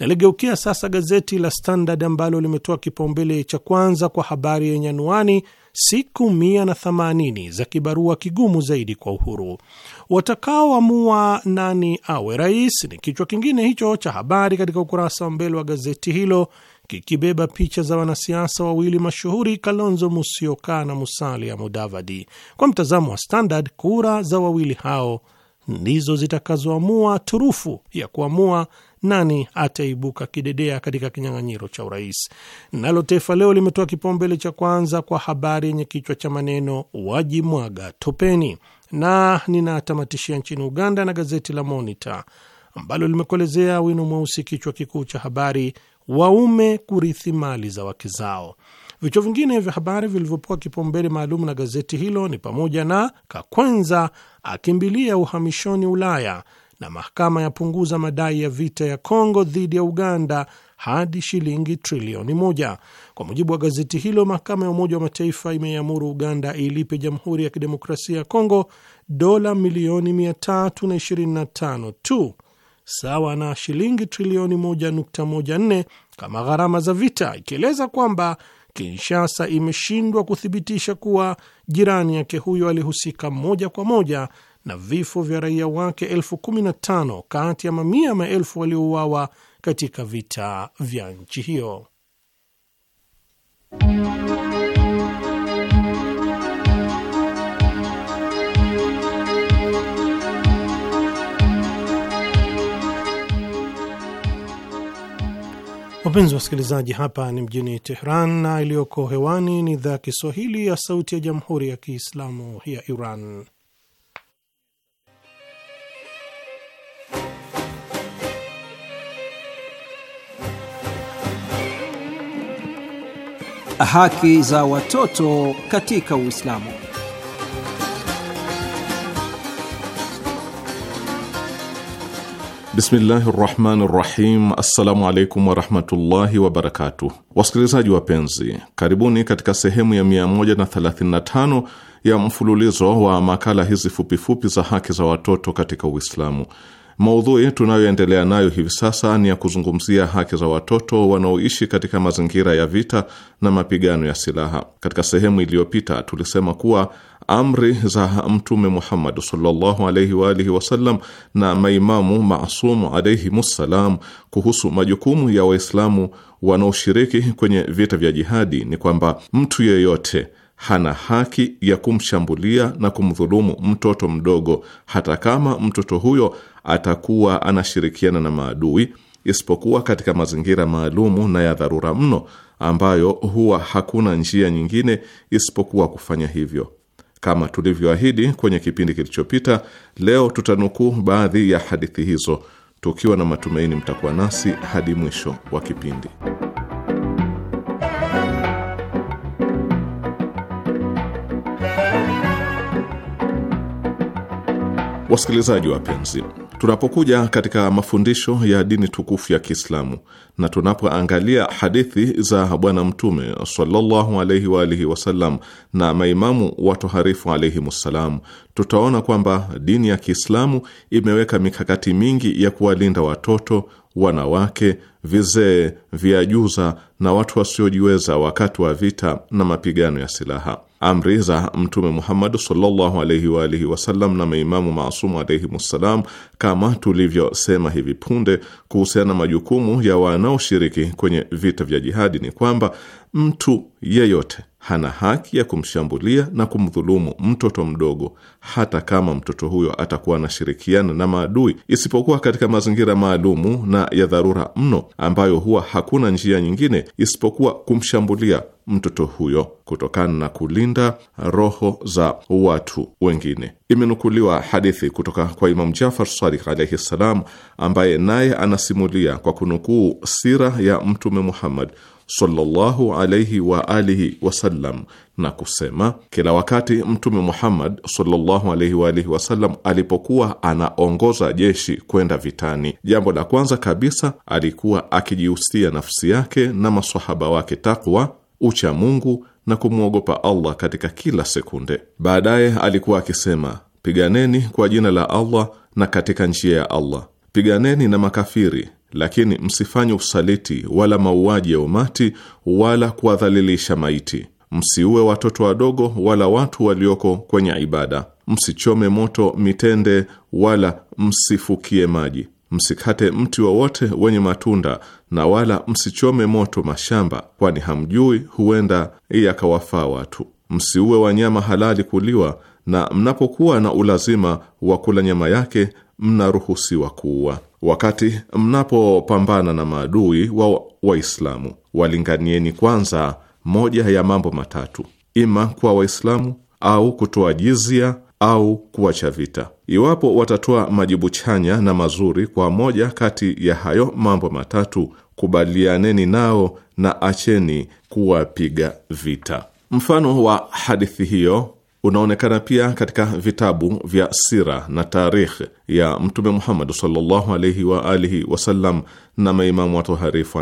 Naligeukia sasa gazeti la Standard ambalo limetoa kipaumbele cha kwanza kwa habari yenye anuani siku mia na za kibarua kigumu zaidi kwa uhuru, watakaoamua nani awe rais, ni kichwa kingine hicho cha habari katika ukurasa wa mbele wa gazeti hilo kikibeba picha za wanasiasa wawili mashuhuri Kalonzo Musyoka na Musalia Mudavadi. Kwa mtazamo wa Standard, kura za wawili hao ndizo zitakazoamua turufu ya kuamua nani ataibuka kidedea katika kinyang'anyiro cha urais. Nalo Taifa Leo limetoa kipaumbele cha kwanza kwa habari yenye kichwa cha maneno wajimwaga topeni, na ninatamatishia nchini Uganda na gazeti la Monitor ambalo limekolezea wino mweusi kichwa kikuu cha habari waume kurithi mali za wake zao. Vichwa vingine vya habari vilivyopewa kipaumbele maalum na gazeti hilo ni pamoja na Kakwenza akimbilia uhamishoni Ulaya, na mahakama yapunguza madai ya vita ya Kongo dhidi ya Uganda hadi shilingi trilioni moja. Kwa mujibu wa gazeti hilo, mahakama ya Umoja wa Mataifa imeiamuru Uganda ilipe Jamhuri ya Kidemokrasia ya Kongo dola milioni 325 tu sawa na shilingi trilioni 1.14 kama gharama za vita, ikieleza kwamba Kinshasa imeshindwa kuthibitisha kuwa jirani yake huyo alihusika moja kwa moja na vifo vya raia wake elfu kumi na tano kati ya mamia maelfu waliouawa katika vita vya nchi hiyo. Wapenzi wasikilizaji, hapa ni mjini Tehran na iliyoko hewani ni idhaa ya Kiswahili ya Sauti ya Jamhuri ya Kiislamu ya Iran. Haki za watoto katika Uislamu. Bismillahi rahmani rahim. Assalamu alaikum warahmatullahi wabarakatuh. Wasikilizaji wapenzi, karibuni katika sehemu ya 135 ya mfululizo wa makala hizi fupifupi za haki za watoto katika Uislamu. Maudhui tunayoendelea nayo hivi sasa ni ya kuzungumzia haki za watoto wanaoishi katika mazingira ya vita na mapigano ya silaha. Katika sehemu iliyopita tulisema kuwa amri za Mtume Muhammad sallallahu alaihi wa alihi wasallam na maimamu maasumu alaihimussalam kuhusu majukumu ya Waislamu wanaoshiriki kwenye vita vya jihadi ni kwamba mtu yeyote hana haki ya kumshambulia na kumdhulumu mtoto mdogo, hata kama mtoto huyo atakuwa anashirikiana na maadui, isipokuwa katika mazingira maalumu na ya dharura mno, ambayo huwa hakuna njia nyingine isipokuwa kufanya hivyo. Kama tulivyoahidi kwenye kipindi kilichopita, leo tutanukuu baadhi ya hadithi hizo, tukiwa na matumaini mtakuwa nasi hadi mwisho wa kipindi. Wasikilizaji wapenzi Tunapokuja katika mafundisho ya dini tukufu ya Kiislamu na tunapoangalia hadithi za Bwana Mtume sallallahu alaihi wa alihi wasallam na maimamu watoharifu alaihimussalam, tutaona kwamba dini ya Kiislamu imeweka mikakati mingi ya kuwalinda watoto, wanawake, vizee, viajuza na watu wasiojiweza wakati wa vita na mapigano ya silaha amri za Mtume Muhammad sallallahu alaihi wa alihi wasallam na maimamu maasumu alaihimussalam, kama tulivyosema hivi punde kuhusiana na majukumu ya wanaoshiriki kwenye vita vya jihadi, ni kwamba mtu yeyote hana haki ya kumshambulia na kumdhulumu mtoto mdogo, hata kama mtoto huyo atakuwa anashirikiana na maadui, isipokuwa katika mazingira maalumu na ya dharura mno, ambayo huwa hakuna njia nyingine isipokuwa kumshambulia mtoto huyo kutokana na kulinda roho za watu wengine. Imenukuliwa hadithi kutoka kwa Imamu Jafar Sadiq alaihi ssalam, ambaye naye anasimulia kwa kunukuu sira ya Mtume Muhammad sallallahu alayhi wa alihi wasallam na kusema, kila wakati Mtume Muhammad sallallahu alayhi wa alihi wasallam alipokuwa anaongoza jeshi kwenda vitani, jambo la kwanza kabisa alikuwa akijihusia nafsi yake na maswahaba wake takwa, ucha Mungu na kumwogopa Allah katika kila sekunde. Baadaye alikuwa akisema, piganeni kwa jina la Allah na katika njia ya Allah, piganeni na makafiri lakini msifanye usaliti wala mauaji ya umati wala kuwadhalilisha maiti. Msiue watoto wadogo wala watu walioko kwenye ibada. Msichome moto mitende wala msifukie maji. Msikate mti wowote wenye matunda na wala msichome moto mashamba, kwani hamjui huenda yakawafaa watu. Msiue wanyama halali kuliwa, na mnapokuwa na ulazima wa kula nyama yake mnaruhusiwa kuua. Wakati mnapopambana na maadui wa Waislamu, walinganieni kwanza moja ya mambo matatu: ima kwa Waislamu au kutoa jizia au kuwacha vita. Iwapo watatoa majibu chanya na mazuri kwa moja kati ya hayo mambo matatu, kubalianeni nao na acheni kuwapiga vita. Mfano wa hadithi hiyo unaonekana pia katika vitabu vya sira na tarikh ya Mtume Muhammad sallallahu alaihi wa alihi wasallam na maimamu watoharifu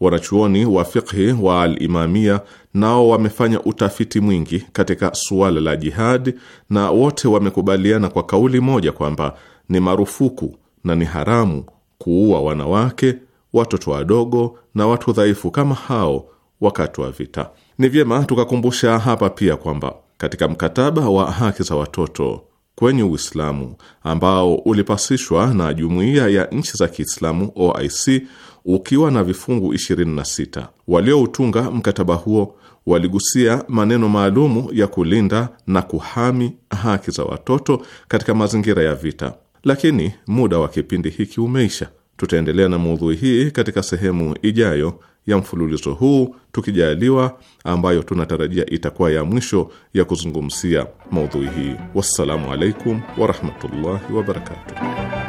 Wanachuoni wa fiqhi wa Alimamia nao wamefanya utafiti mwingi katika suala la jihadi, na wote wamekubaliana kwa kauli moja kwamba ni marufuku na ni haramu kuua wanawake, watoto wadogo na watu dhaifu kama hao wakati wa vita. Ni vyema tukakumbusha hapa pia kwamba katika mkataba wa haki za watoto kwenye Uislamu ambao ulipasishwa na Jumuiya ya Nchi za Kiislamu OIC ukiwa na vifungu 26. Walioutunga mkataba huo waligusia maneno maalumu ya kulinda na kuhami haki za watoto katika mazingira ya vita, lakini muda wa kipindi hiki umeisha. Tutaendelea na maudhui hii katika sehemu ijayo ya mfululizo huu tukijaliwa, ambayo tunatarajia itakuwa ya mwisho ya kuzungumzia maudhui hii. Wassalamu alaikum warahmatullahi wabarakatuh.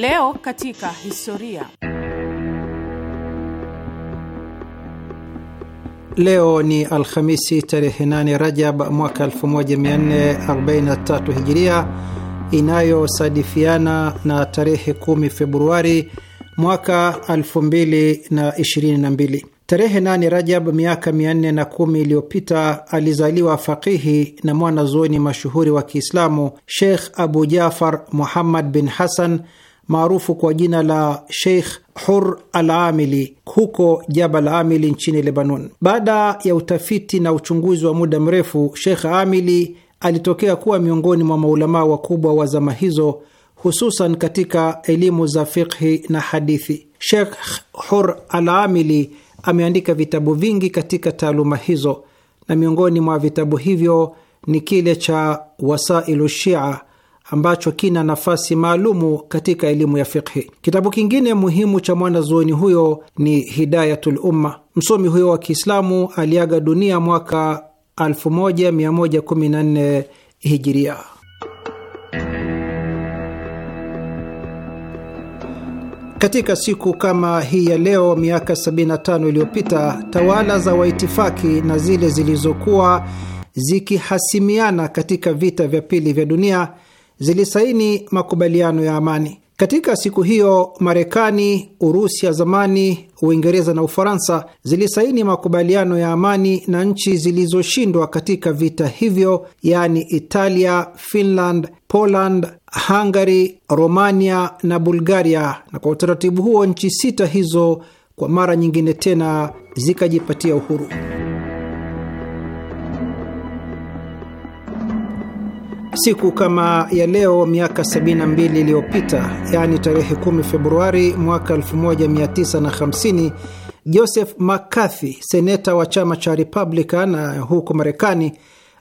Leo katika historia. Leo ni Alhamisi tarehe 8 Rajab mwaka 1443 Hijiria, inayosadifiana na tarehe 10 Februari mwaka 2022. Tarehe 8 Rajab miaka 410 iliyopita alizaliwa faqihi na mwanazuoni mashuhuri wa Kiislamu Sheikh Abu Jafar Muhammad bin Hassan maarufu kwa jina la Sheikh Hur al Amili huko Jabal Amili nchini Lebanon. Baada ya utafiti na uchunguzi wa muda mrefu, Sheikh Amili alitokea kuwa miongoni mwa maulamaa wakubwa wa zama hizo, hususan katika elimu za fiqhi na hadithi. Sheikh Hur al Amili ameandika vitabu vingi katika taaluma hizo, na miongoni mwa vitabu hivyo ni kile cha Wasailu Shia ambacho kina nafasi maalumu katika elimu ya fiqhi. Kitabu kingine muhimu cha mwanazuoni huyo ni Hidayatul Umma. Msomi huyo wa Kiislamu aliaga dunia mwaka 1114 hijiria. Katika siku kama hii ya leo miaka 75 iliyopita, tawala za waitifaki na zile zilizokuwa zikihasimiana katika vita vya pili vya dunia zilisaini makubaliano ya amani. Katika siku hiyo Marekani, Urusi ya zamani, Uingereza na Ufaransa zilisaini makubaliano ya amani na nchi zilizoshindwa katika vita hivyo, yaani Italia, Finland, Poland, Hungary, Romania na Bulgaria, na kwa utaratibu huo nchi sita hizo kwa mara nyingine tena zikajipatia uhuru. Siku kama ya leo miaka 72 iliyopita, yaani tarehe 10 Februari mwaka 1950, Joseph McCarthy, seneta wa chama cha Republican huko Marekani,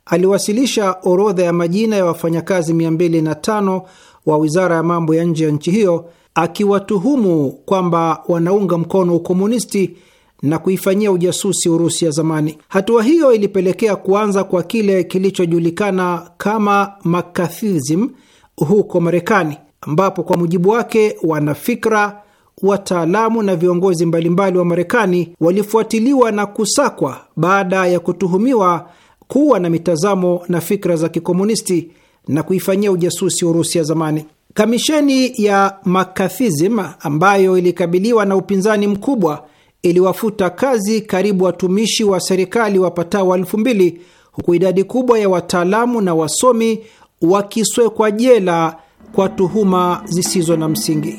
aliwasilisha orodha ya majina ya wafanyakazi 205 wa wizara ya mambo ya nje ya nchi hiyo akiwatuhumu kwamba wanaunga mkono ukomunisti na kuifanyia ujasusi Urusi ya zamani. Hatua hiyo ilipelekea kuanza kwa kile kilichojulikana kama makathism huko Marekani, ambapo kwa mujibu wake wanafikra wataalamu na viongozi mbalimbali wa Marekani walifuatiliwa na kusakwa baada ya kutuhumiwa kuwa na mitazamo na fikra za kikomunisti na kuifanyia ujasusi Urusi ya zamani. Kamisheni ya makathism ambayo ilikabiliwa na upinzani mkubwa iliwafuta kazi karibu watumishi wa serikali wapatao elfu mbili huku idadi kubwa ya wataalamu na wasomi wakiswekwa jela kwa tuhuma zisizo na msingi.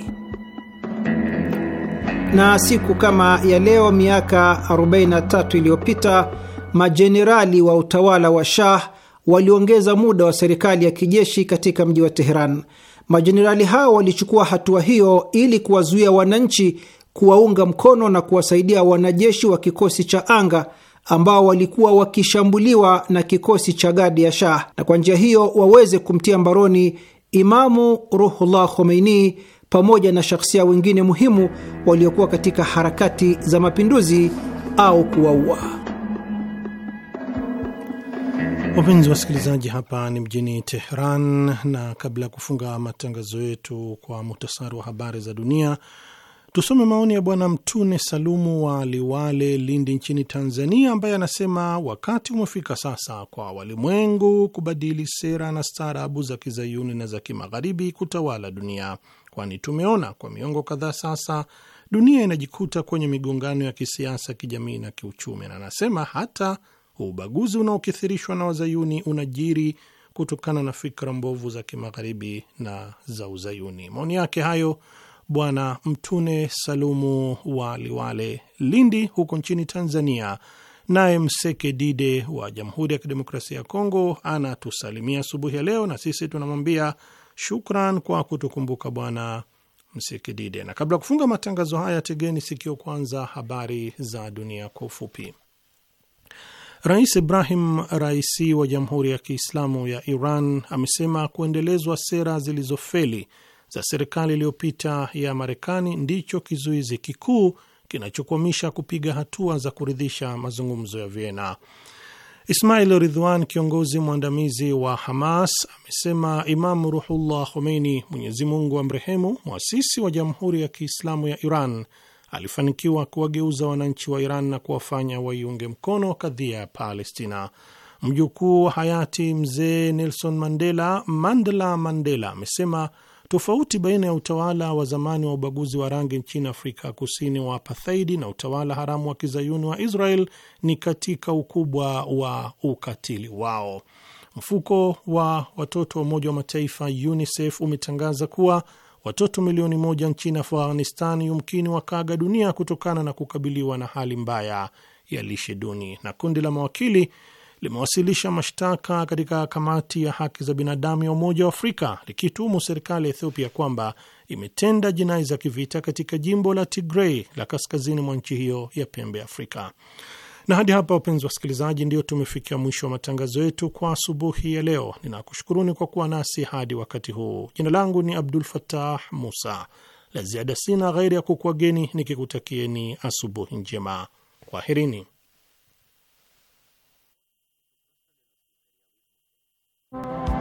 Na siku kama ya leo miaka 43 iliyopita majenerali wa utawala wa Shah waliongeza muda wa serikali ya kijeshi katika mji wa Teheran. Majenerali hao walichukua hatua hiyo ili kuwazuia wananchi kuwaunga mkono na kuwasaidia wanajeshi wa kikosi cha anga ambao walikuwa wakishambuliwa na kikosi cha gadi ya Shah na kwa njia hiyo waweze kumtia mbaroni Imamu Ruhullah Khomeini pamoja na shakhsia wengine muhimu waliokuwa katika harakati za mapinduzi au kuwaua. Wapenzi wasikilizaji, hapa ni mjini teheran na kabla ya kufunga matangazo yetu kwa muhtasari wa habari za dunia Tusome maoni ya Bwana Mtune Salumu wa Liwale, Lindi, nchini Tanzania, ambaye anasema wakati umefika sasa kwa walimwengu kubadili sera na staarabu za kizayuni na za kimagharibi kutawala dunia, kwani tumeona kwa miongo kadhaa sasa dunia inajikuta kwenye migongano ya kisiasa, kijamii na kiuchumi. Na anasema hata ubaguzi unaokithirishwa na wazayuni unajiri kutokana na fikra mbovu za kimagharibi na za uzayuni. Maoni yake hayo Bwana Mtune Salumu wa Liwale, Lindi huko nchini Tanzania. Naye Mseke Dide wa Jamhuri ya Kidemokrasia ya Kongo anatusalimia asubuhi ya leo, na sisi tunamwambia shukran kwa kutukumbuka Bwana Mseke Dide. Na kabla ya kufunga matangazo haya, tegeni sikio kwanza habari za dunia kwa ufupi. Rais Ibrahim Raisi wa Jamhuri ya Kiislamu ya Iran amesema kuendelezwa sera zilizofeli za serikali iliyopita ya Marekani ndicho kizuizi kikuu kinachokwamisha kupiga hatua za kuridhisha mazungumzo ya Vienna. Ismail ridhwan kiongozi mwandamizi wa Hamas, amesema Imamu Ruhullah Khomeini, Mwenyezi Mungu amrehemu, mwasisi wa Jamhuri ya Kiislamu ya Iran, alifanikiwa kuwageuza wananchi wa Iran na kuwafanya waiunge mkono kadhia ya Palestina. Mjukuu wa hayati mzee Nelson Mandela, Mandela Mandela, amesema Tofauti baina ya utawala wa zamani wa ubaguzi wa rangi nchini Afrika Kusini wa apathaidi na utawala haramu wa kizayuni wa Israel ni katika ukubwa wa ukatili wao. Mfuko wa watoto wa Umoja wa Mataifa UNICEF umetangaza kuwa watoto milioni moja nchini Afghanistan yumkini wakaaga dunia kutokana na kukabiliwa na hali mbaya ya lishe duni, na kundi la mawakili limewasilisha mashtaka katika kamati ya haki za binadamu ya Umoja wa Afrika likituhumu serikali ya Ethiopia kwamba imetenda jinai za kivita katika jimbo la Tigrei la kaskazini mwa nchi hiyo ya pembe ya Afrika. Na hadi hapa, wapenzi wasikilizaji, ndio tumefikia mwisho wa matangazo yetu kwa asubuhi ya leo. Ninakushukuruni kwa kuwa nasi hadi wakati huu. Jina langu ni Abdul fatah Musa. La ziada sina ghairi ya kukuageni nikikutakieni asubuhi njema. Kwaherini. Thank you